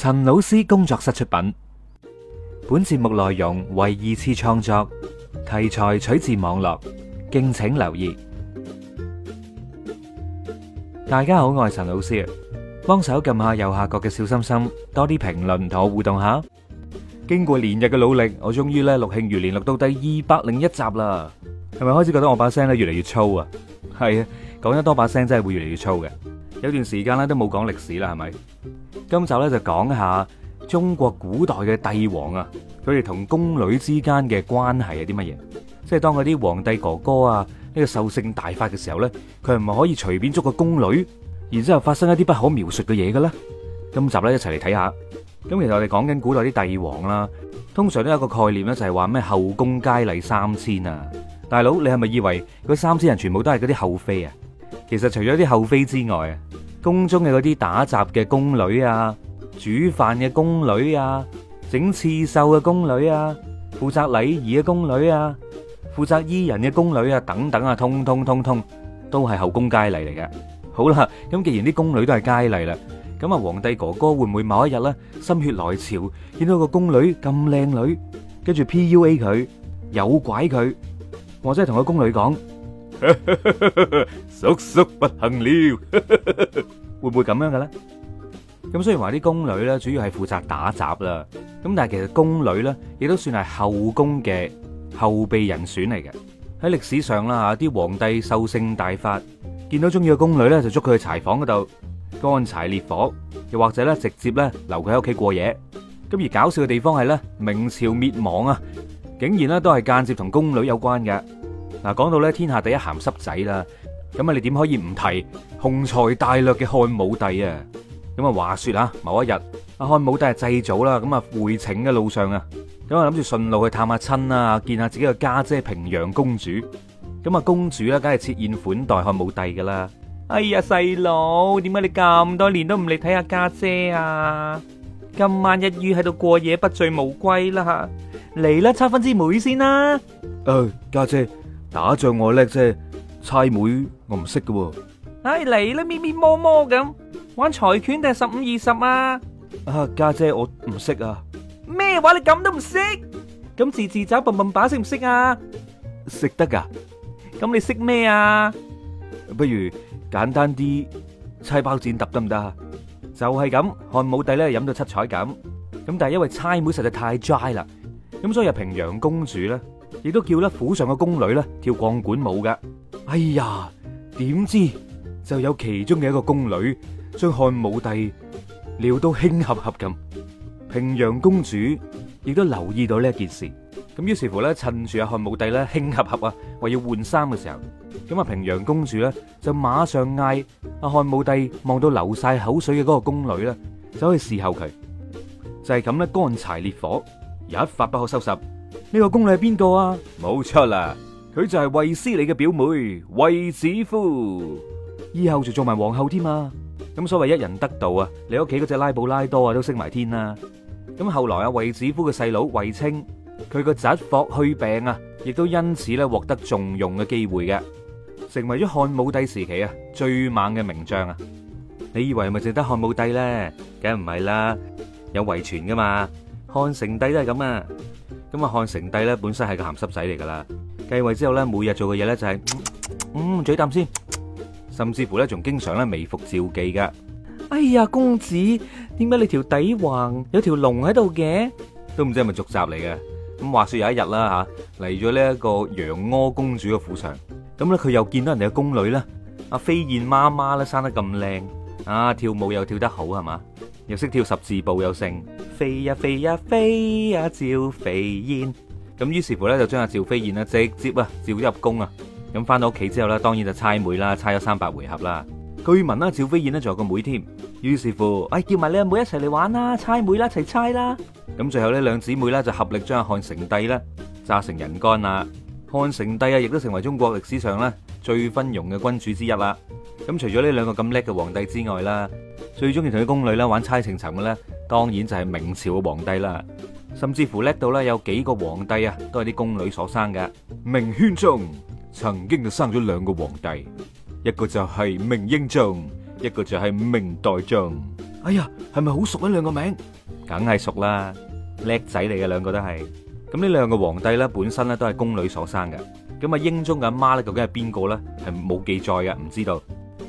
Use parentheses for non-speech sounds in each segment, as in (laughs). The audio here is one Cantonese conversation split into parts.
陳老師工作室出品，本節目內容為二次創作，題材取自網絡，敬請留意。大家好，我係陳老師，幫手撳下右下角嘅小心心，多啲評論同我互動下。經過連日嘅努力，我終於咧六慶餘年錄到第二百零一集啦。係咪開始覺得我把聲咧越嚟越粗啊？係啊，講得多把聲真係會越嚟越粗嘅。有段時間咧都冇講歷史啦，係咪？今集咧就講一下中國古代嘅帝王啊，佢哋同宮女之間嘅關係係啲乜嘢？即係當嗰啲皇帝哥哥啊，呢個獸性大發嘅時候呢，佢唔係可以隨便捉個宮女，然之後發生一啲不可描述嘅嘢嘅咧？今集呢，一齊嚟睇下。咁其實我哋講緊古代啲帝王啦，通常都有個概念咧，就係話咩後宮佳麗三千啊。大佬，你係咪以為嗰三千人全部都係嗰啲后妃啊？其實除咗啲后妃之外啊。宮中嘅嗰啲打雜嘅宮女啊，煮飯嘅宮女啊，整刺繡嘅宮女啊，負責禮儀嘅宮女啊，負責醫人嘅宮女啊，等等啊，通通通通都係後宮佳麗嚟嘅。好啦，咁既然啲宮女都係佳麗啦，咁啊皇帝哥哥會唔會某一日咧心血來潮，見到個宮女咁靚女，跟住 P U A 佢，誘拐佢，或者係同個宮女講？叔叔不行了。 (laughs) 屬屬不行了笑嗱，講到咧天下第一咸濕仔啦，咁啊，你點可以唔提雄才大略嘅漢武帝啊？咁啊，話說啊，某一日，啊漢武帝係祭祖啦，咁啊，回程嘅路上啊，咁啊，諗住順路去探下親啦，見下自己嘅家姐平陽公主。咁啊，公主咧，梗係設宴款待漢武帝噶啦。哎呀，細佬，點解你咁多年都唔嚟睇下家姐啊？今晚一於喺度過夜，不醉無歸啦！吓，嚟啦，差分之妹先啦。誒，家姐。打仗我叻啫，差妹我唔識噶。唉、哎，嚟啦，咪咪摸摸咁，玩財拳定係十五二十啊？啊家姐,姐我唔識啊。咩話你咁都唔識？咁字字找笨笨把識唔識啊？識得噶。咁你識咩啊？不如簡單啲，猜包剪揼得唔得？就係、是、咁，漢武帝咧飲到七彩咁。咁但係因為差妹實在太齋啦，咁所以係平陽公主咧。亦都叫咧府上嘅宮女咧跳鋼管舞㗎。哎呀，點知就有其中嘅一個宮女將漢武帝撩到興合合咁。平陽公主亦都留意到呢一件事，咁於是乎咧，趁住阿漢武帝咧興合合啊，話要換衫嘅時候，咁啊平陽公主咧就馬上嗌阿漢武帝望到流晒口水嘅嗰個宮女咧，走去侍候佢，就係咁咧乾柴烈火，一發不可收拾。呢、這個宮女係邊個啊？冇錯啦，佢就係衛斯理嘅表妹衛子夫，以後就做埋皇后添啊！咁所謂一人得道啊，你屋企嗰隻拉布拉多啊都升埋天啦！咁後來啊，衛子夫嘅細佬衛青，佢個侄霍去病啊，亦都因此咧獲得重用嘅機會嘅，成為咗漢武帝時期啊最猛嘅名將啊！你以為係咪淨得漢武帝咧？梗唔係啦，有遺傳噶嘛，漢成帝都係咁啊！咁啊，漢成帝咧本身係個鹹濕仔嚟噶啦，繼位之後咧，每日做嘅嘢咧就係，嗯，嘴啖先，甚至乎咧仲經常咧微服召妓噶。哎呀，公子，點解你條底橫有條龍喺度嘅？都唔知係咪續集嚟嘅。咁話說有一日啦吓，嚟咗呢一個陽阿公主嘅府上，咁咧佢又見到人哋嘅宮女咧，阿飛燕媽媽咧生得咁靚，啊，跳舞又跳得好係嘛。又識跳十字步又勝，飛呀、啊、飛呀、啊、飛呀、啊、趙飛燕。咁於是乎呢，就將阿趙飛燕咧直接啊召入宮啊。咁返到屋企之後呢，當然就猜妹啦，猜咗三百回合啦。據聞啦，趙飛燕咧仲有個妹添。於是乎，哎叫埋你阿妹一齊嚟玩啦，猜妹啦一齊猜啦。咁最後呢，兩姊妹呢，就合力將漢成帝呢，炸成人乾啦。漢成帝啊，亦都成為中國歷史上咧最昏庸嘅君主之一啦。咁除咗呢兩個咁叻嘅皇帝之外啦。最中意同啲宮女咧玩猜情尋嘅咧，當然就係明朝嘅皇帝啦。甚至乎叻到咧，有幾個皇帝啊，都係啲宮女所生嘅。明宣宗曾經就生咗兩個皇帝，一個就係明英宗，一個就係明代宗。哎呀，係咪好熟呢？兩個名，梗係熟啦，叻仔嚟嘅兩個都係。咁呢兩個皇帝咧，本身咧都係宮女所生嘅。咁啊，英宗嘅阿媽咧，究竟係邊個咧？係冇記載嘅，唔知道。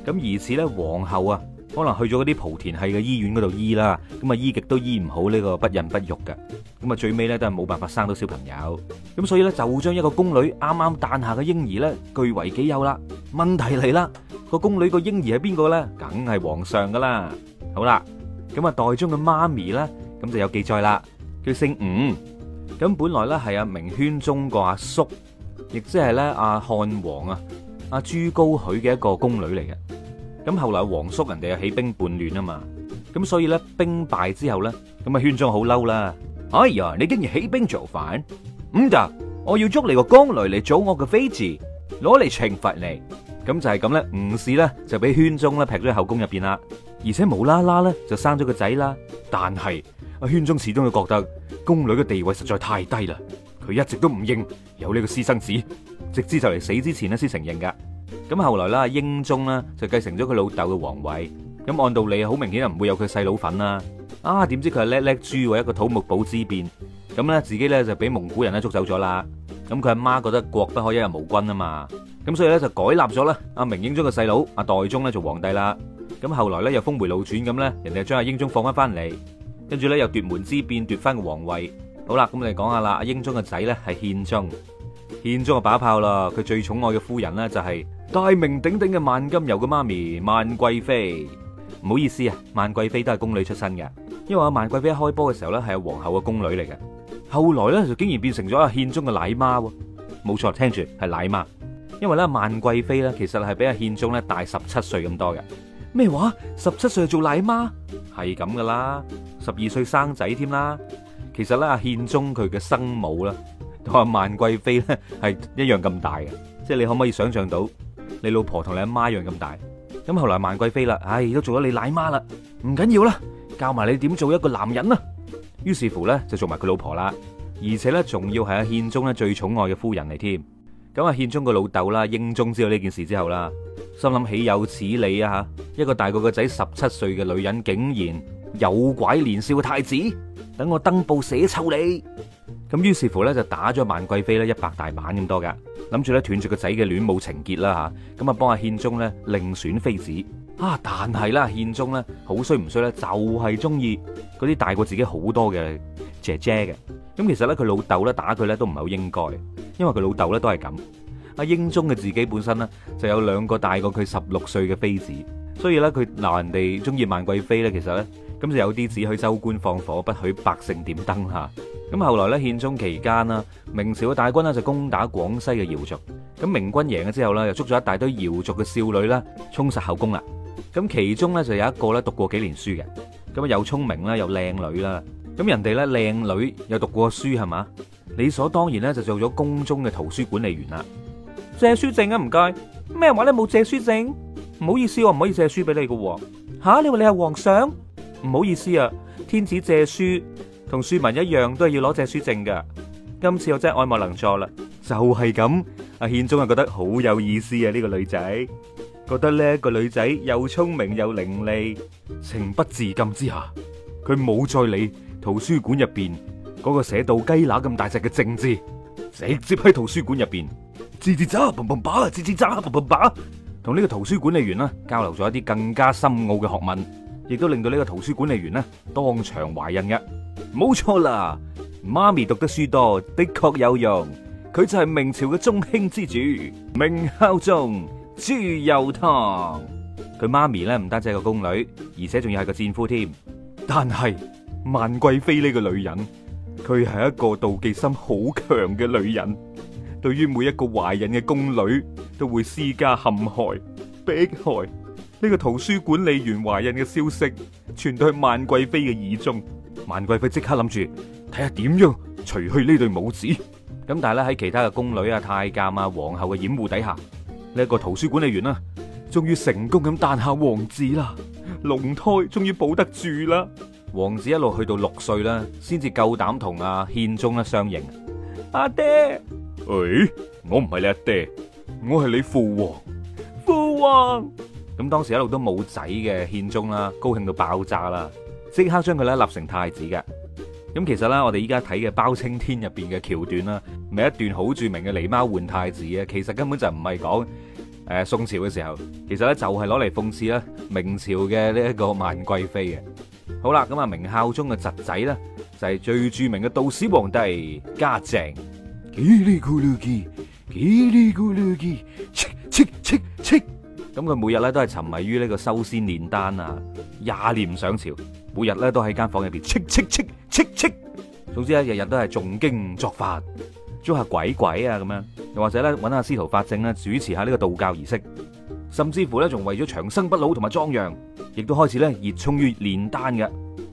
咁而此咧皇后啊。可能去咗嗰啲莆田系嘅醫院嗰度醫啦，咁啊醫極都醫唔好呢個不孕不育嘅，咁啊最尾咧都係冇辦法生到小朋友，咁所以咧就將一個宮女啱啱誕下嘅嬰兒咧據為己有啦。問題嚟啦，個宮女個嬰兒係邊個咧？梗係皇上噶啦。好啦，咁啊代宗嘅媽咪咧，咁就有記載啦，叫姓吳，咁本來咧係阿明宣宗個阿叔，亦即係咧阿漢王啊阿朱高煦嘅一個宮女嚟嘅。咁後來皇叔人哋又起兵叛亂啊嘛，咁所以咧兵敗之後咧，咁阿宣宗好嬲啦，哎呀，你竟然起兵造反，咁後來啦，英宗啦，就繼承咗佢老豆嘅皇位。大名鼎鼎嘅萬金油嘅媽咪萬貴妃，唔好意思啊，萬貴妃都係宮女出身嘅，因為阿萬貴妃一開波嘅時候咧係阿皇后嘅宮女嚟嘅，後來咧就竟然變成咗阿憲宗嘅奶媽，冇錯，聽住係奶媽，因為咧萬貴妃咧其實係比阿憲宗咧大十七歲咁多嘅，咩話十七歲做奶媽係咁噶啦，十二歲生仔添啦，其實咧阿憲宗佢嘅生母啦同阿萬貴妃咧係一樣咁大嘅，即係你可唔可以想象到？你老婆同你阿媽一樣咁大，咁後來萬貴妃啦，唉都做咗你奶媽啦，唔緊要啦，教埋你點做一個男人啊？於是乎呢，就做埋佢老婆啦，而且呢，仲要係阿憲宗咧最寵愛嘅夫人嚟添。咁啊憲宗個老豆啦，英宗知道呢件事之後啦，心諗豈有此理啊！一個大過個仔十七歲嘅女人，竟然有拐年少太子，等我登報寫臭你。咁於是乎咧就打咗萬貴妃咧一百大板咁多噶，諗住咧斷住個仔嘅戀母情結啦嚇，咁啊幫阿憲宗咧另選妃子。啊，但係啦，憲宗咧好衰唔衰咧，就係中意嗰啲大過自己好多嘅姐姐嘅。咁其實咧佢老豆咧打佢咧都唔係好應該，因為佢老豆咧都係咁。阿英宗嘅自己本身咧就有兩個大過佢十六歲嘅妃子，所以咧佢鬧人哋中意萬貴妃咧，其實咧。咁就有啲只許州官放火，不許百姓點燈吓。咁後來咧，憲宗期間啦，明朝嘅大軍咧就攻打廣西嘅瑤族。咁明軍贏咗之後咧，又捉咗一大堆瑤族嘅少女啦，充實後宮啦。咁其中咧就有一個咧讀過幾年書嘅，咁啊又聰明啦，又靚女啦。咁人哋咧靚女又讀過書係嘛，理所當然咧就做咗宮中嘅圖書管理員啦。借書證啊唔該，咩話你冇借書證？唔好意思，我唔可以借書俾你噶吓。你話你係皇上？唔好意思啊，天子借書同庶民一樣，都係要攞借書證噶。今次我真係愛莫能助啦，就係、是、咁。阿憲宗啊，覺得好有意思啊，呢、這個女仔，覺得呢、這個女仔又聰明又伶俐，情不自禁之下，佢冇再理圖書館入邊嗰個寫到雞乸咁大隻嘅政治，直接喺圖書館入邊吱吱喳，嘭嘭把，吱吱喳，嘭嘭把，同呢個圖書管理員啦交流咗一啲更加深奧嘅學問。亦都令到呢個圖書管理員呢當場懷孕嘅，冇錯啦！媽咪讀得書多，的確有用。佢就係明朝嘅中興之主明孝宗朱祐樘。佢媽咪呢，唔單止係個宮女，而且仲要係個戰俘添。但係萬貴妃呢個女人，佢係一個妒忌心好強嘅女人。對於每一個懷孕嘅宮女，都會私家陷害迫害。呢、個圖書管理員懷孕嘅消息傳到去萬貴妃嘅耳中，萬貴妃即刻諗住睇下點樣除去呢對母子。咁但係咧，喺其他嘅宮女啊、太監啊、皇后嘅掩護底下，呢、個圖書管理員啊終於成功咁誕下王子啦，龍胎終於保得住啦。王子一路去到六歲啦，先至夠膽同阿憲宗咧相認。阿爹，誒、哎，我唔係你阿爹，我係你父皇。父皇。咁當時一路都冇仔嘅憲宗啦，高興到爆炸啦，即刻將佢咧立成太子嘅。咁其實咧，我哋依家睇嘅包青天入邊嘅橋段啦，咪一段好著名嘅狸貓換太子啊。其實根本就唔係講誒宋朝嘅時候，其實咧就係攞嚟諷刺啦明朝嘅呢一個萬貴妃嘅。好啦，咁啊明孝宗嘅侄仔咧就係最著名嘅道士皇帝嘉靖。咁佢每日咧都係沉迷於呢個修仙煉丹啊，廿年上朝，每日咧都喺間房入邊，戚戚戚戚戚。總之咧，日日都係誦經作法，捉下鬼鬼啊咁樣，又或者咧揾下司徒法正咧主持下呢個道教儀式，甚至乎咧仲為咗長生不老同埋壯陽，亦都開始咧熱衷於煉丹嘅。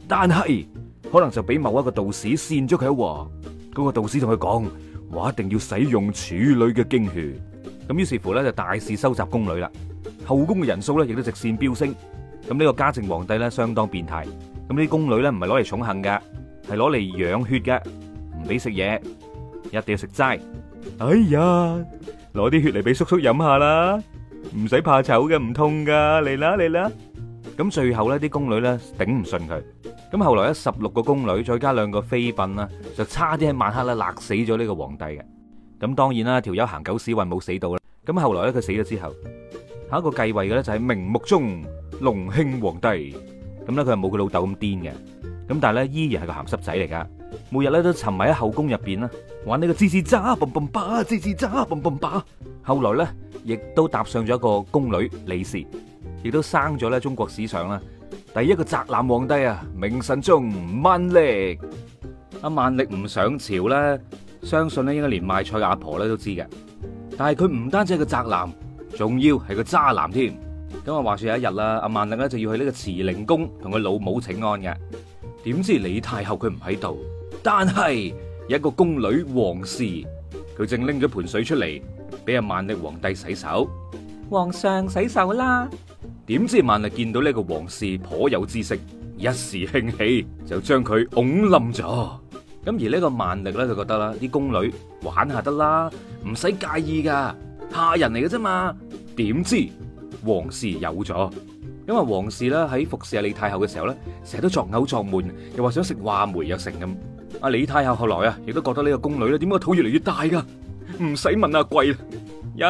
但係可能就俾某一個道士扇咗佢喎。嗰個道士同佢講：我一定要使用處女嘅經血。咁於是乎咧就大肆收集宮女啦。後宮嘅人數咧，亦都直線飆升。咁呢個嘉靖皇帝咧，相當變態。咁啲宮女咧，唔係攞嚟寵幸嘅，係攞嚟養血嘅，唔俾食嘢，一定要食齋。哎呀，攞啲血嚟俾叔叔飲下啦，唔使怕醜嘅，唔痛噶，嚟啦嚟啦。咁最後咧，啲宮女咧頂唔順佢。咁後來咧，十六個宮女再加兩個妃嬪啦，就差啲喺晚黑咧，勒死咗呢個皇帝嘅。咁當然啦，條友行狗屎運，冇死到啦。咁後來咧，佢死咗之後。下一個繼位嘅咧就係明穆宗隆慶皇帝，咁咧佢係冇佢老豆咁癲嘅，咁但係咧依然係個鹹濕仔嚟噶，每日咧都沉迷喺後宮入邊啦，玩呢個滋滋喳嘣嘣把，滋滋喳嘣嘣把，後來咧亦都搭上咗一個宮女李氏，亦都生咗咧中國史上啦第一個宅男皇帝啊，明神宗萬曆，啊，萬曆唔上朝咧，相信咧應該連賣菜嘅阿婆咧都知嘅，但係佢唔單止係個宅男。仲要係個渣男添。咁啊，話說有一日啦，阿萬曆咧，就要去呢個慈寧宮同佢老母請安嘅。點知李太后佢唔喺度，但係有一個宮女王氏，佢正拎咗盆水出嚟，俾阿萬曆皇帝洗手。皇上洗手啦。點知萬曆見到呢個王氏頗有姿色，一時興起就將佢拱冧咗。咁而呢個萬曆咧，就覺得啦，啲宮女玩下得啦，唔使介意噶下人嚟嘅啫嘛。點知王氏有咗？因為王氏咧喺服侍阿李太后嘅時候咧，成日都作嘔作悶，又話想食話梅又成咁。阿李太后後來，也越來越啊，亦都覺得呢個宮女咧，點解肚越嚟越大噶？唔使問阿貴啦，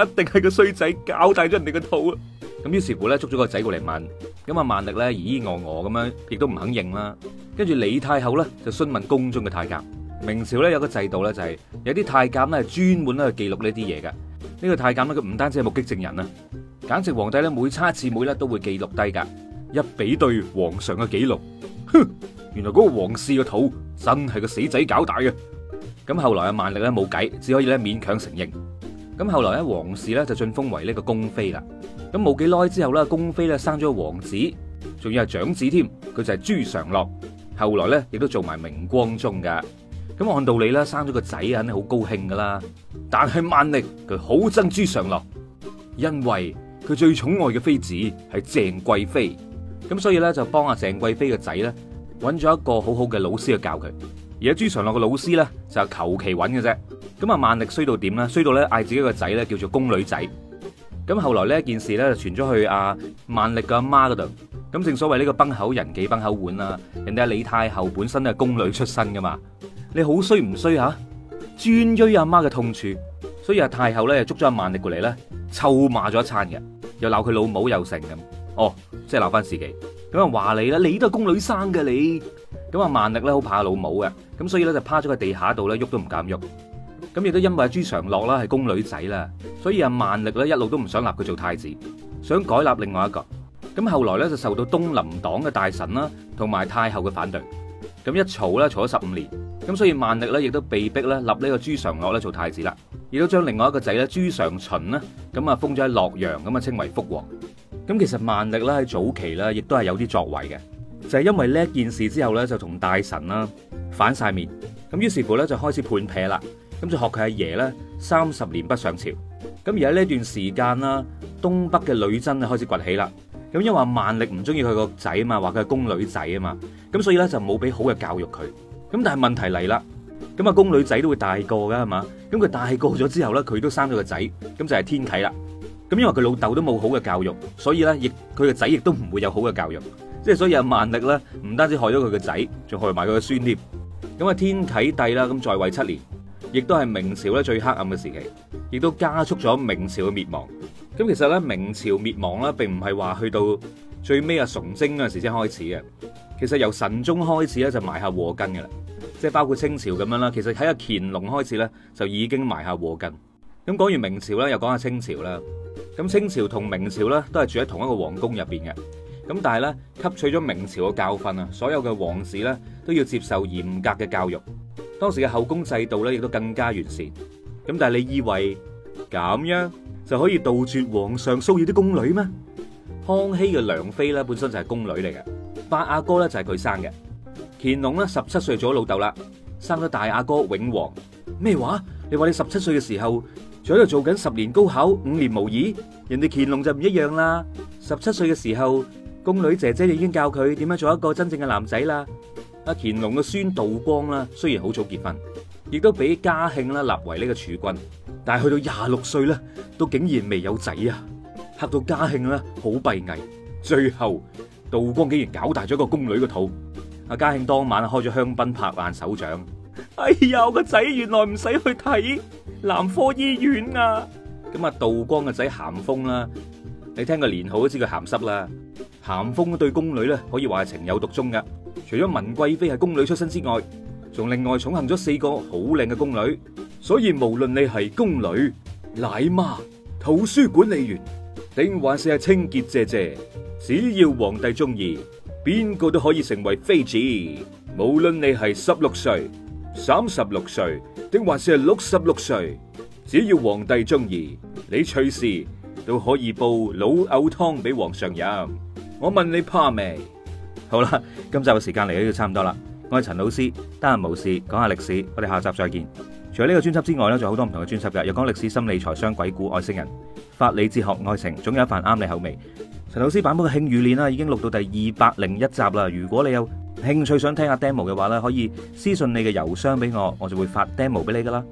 一定係個衰仔搞大咗人哋個肚啊！咁於是乎咧，捉咗個仔過嚟問。咁阿萬曆咧，咦咦我我咁樣，亦都唔肯認啦。跟住李太后咧，就詢問宮中嘅太監。明朝咧有個制度咧，就是，就係有啲太監咧係專門咧去記錄呢啲嘢噶。呢、這個太監咧，佢唔單止係目擊證人啊，簡直皇帝咧每差一次每粒都會記錄低噶，一比對皇上嘅記錄，哼，原來嗰個皇室嘅肚真係個死仔搞大嘅。咁後來啊，萬曆咧冇計，只可以咧勉強承認。咁後來咧，皇室咧就晉封為呢個宮妃啦。咁冇幾耐之後咧，宮妃咧生咗個皇子，仲要係長子添，佢就係朱常洛。後來咧，亦都做埋明光宗噶。咁按道理啦，生咗個仔肯定好高興噶啦。但係萬曆佢好憎朱常洛，因為佢最寵愛嘅妃子係鄭貴妃，咁所以咧就幫阿鄭貴妃嘅仔咧揾咗一個好好嘅老師去教佢。而阿朱常洛嘅老師咧就求其揾嘅啫。咁啊，萬曆衰到點咧？衰到咧嗌自己個仔咧叫做宮女仔。咁後來呢一件事咧就傳咗去阿萬曆嘅阿媽嗰度。咁正所謂呢個崩口人忌崩口碗啦，人哋阿李太后本身都係宮女出身噶嘛。你好衰唔衰吓？鑽咗阿媽嘅痛處，所以阿太后咧捉咗阿萬力過嚟咧，臭罵咗一餐嘅，又鬧佢老母又成咁。哦，即係鬧翻自己。咁啊話你啦，你都係宮女生嘅你。咁啊萬力咧好怕老母嘅，咁所以咧就趴咗個地下度咧喐都唔敢喐。咁亦都因為阿朱常樂啦係宮女仔啦，所以阿萬力咧一路都唔想立佢做太子，想改立另外一個。咁後來咧就受到東林黨嘅大臣啦同埋太后嘅反對，咁一吵咧吵咗十五年。咁所以萬曆咧，亦都被逼咧立呢個朱常洛咧做太子啦，亦都將另外一個仔咧朱常洵呢，咁啊封咗喺洛陽，咁啊稱為福王。咁其實萬曆咧喺早期咧，亦都係有啲作為嘅，就係因為呢一件事之後咧，就同大臣啦反曬面，咁於是乎咧就開始判撇啦，咁就學佢阿爺咧三十年不上朝。咁而喺呢段時間啦，東北嘅女真啊開始崛起啦。咁因為萬曆唔中意佢個仔啊嘛，話佢係宮女仔啊嘛，咁所以咧就冇俾好嘅教育佢。咁但係問題嚟啦，咁啊宮女仔都會大個噶係嘛？咁佢大個咗之後咧，佢都生咗個仔，咁就係天啟啦。咁因為佢老豆都冇好嘅教育，所以咧，亦佢個仔亦都唔會有好嘅教育，即係所以阿萬曆咧，唔單止害咗佢個仔，仲害埋佢個孫添。咁啊天啟帝啦，咁在位七年，亦都係明朝咧最黑暗嘅時期，亦都加速咗明朝嘅滅亡。咁其實咧，明朝滅亡咧，並唔係話去到最尾阿崇禎嗰陣時先開始嘅。其實由神宗開始咧就埋下禍根嘅啦，即係包括清朝咁樣啦。其實喺阿乾隆開始咧就已經埋下禍根。咁講完明朝咧，又講下清朝啦。咁清朝同明朝咧都係住喺同一個皇宮入邊嘅。咁但係咧吸取咗明朝嘅教訓啊，所有嘅皇子咧都要接受嚴格嘅教育。當時嘅後宮制度咧亦都更加完善。咁但係你以為咁樣就可以杜絕皇上騷擾啲宮女咩？康熙嘅良妃咧本身就係宮女嚟嘅。八阿哥咧就係佢生嘅，乾隆咧十七歲做咗老豆啦，生咗大阿哥永璜。咩話？你話你十七歲嘅時候，仲喺度做緊十年高考五年模擬，人哋乾隆就唔一樣啦。十七歲嘅時候，宮女姐姐已經教佢點樣做一個真正嘅男仔啦。阿乾隆嘅孫道光啦，雖然好早結婚，亦都俾嘉慶啦立為呢個儲君，但係去到廿六歲啦，都竟然未有仔啊，吓到嘉慶啦好閉翳，最後。道光竟然搞大咗個宮女嘅肚，阿嘉慶當晚開咗香檳拍爛手掌。哎呀，我個仔原來唔使去睇男科醫院啊！咁啊，道光嘅仔咸豐啦，你聽個年號都知佢咸濕啦。咸豐對宮女咧可以話係情有獨鍾噶，除咗文貴妃係宮女出身之外，仲另外寵幸咗四個好靚嘅宮女，所以無論你係宮女、奶媽、圖書管理員。定還是係清潔姐姐，只要皇帝中意，邊個都可以成為妃子。無論你係十六歲、三十六歲，定還是係六十六歲，只要皇帝中意，你隨時都可以煲老藕湯俾皇上飲。我問你怕未？好啦，今集嘅時間嚟到差唔多啦。我係陳老師，得閒無事講下歷史，我哋下集再見。除咗呢個專輯之外咧，仲有好多唔同嘅專輯嘅，又講歷史、心理、財商、鬼故、外星人。法理、哲學、愛情，總有一份啱你口味。陳老師版本嘅《慶餘年》啦，已經錄到第二百零一集啦。如果你有興趣想聽下 demo 嘅話咧，可以私信你嘅郵箱俾我，我就會發 demo 俾你噶啦。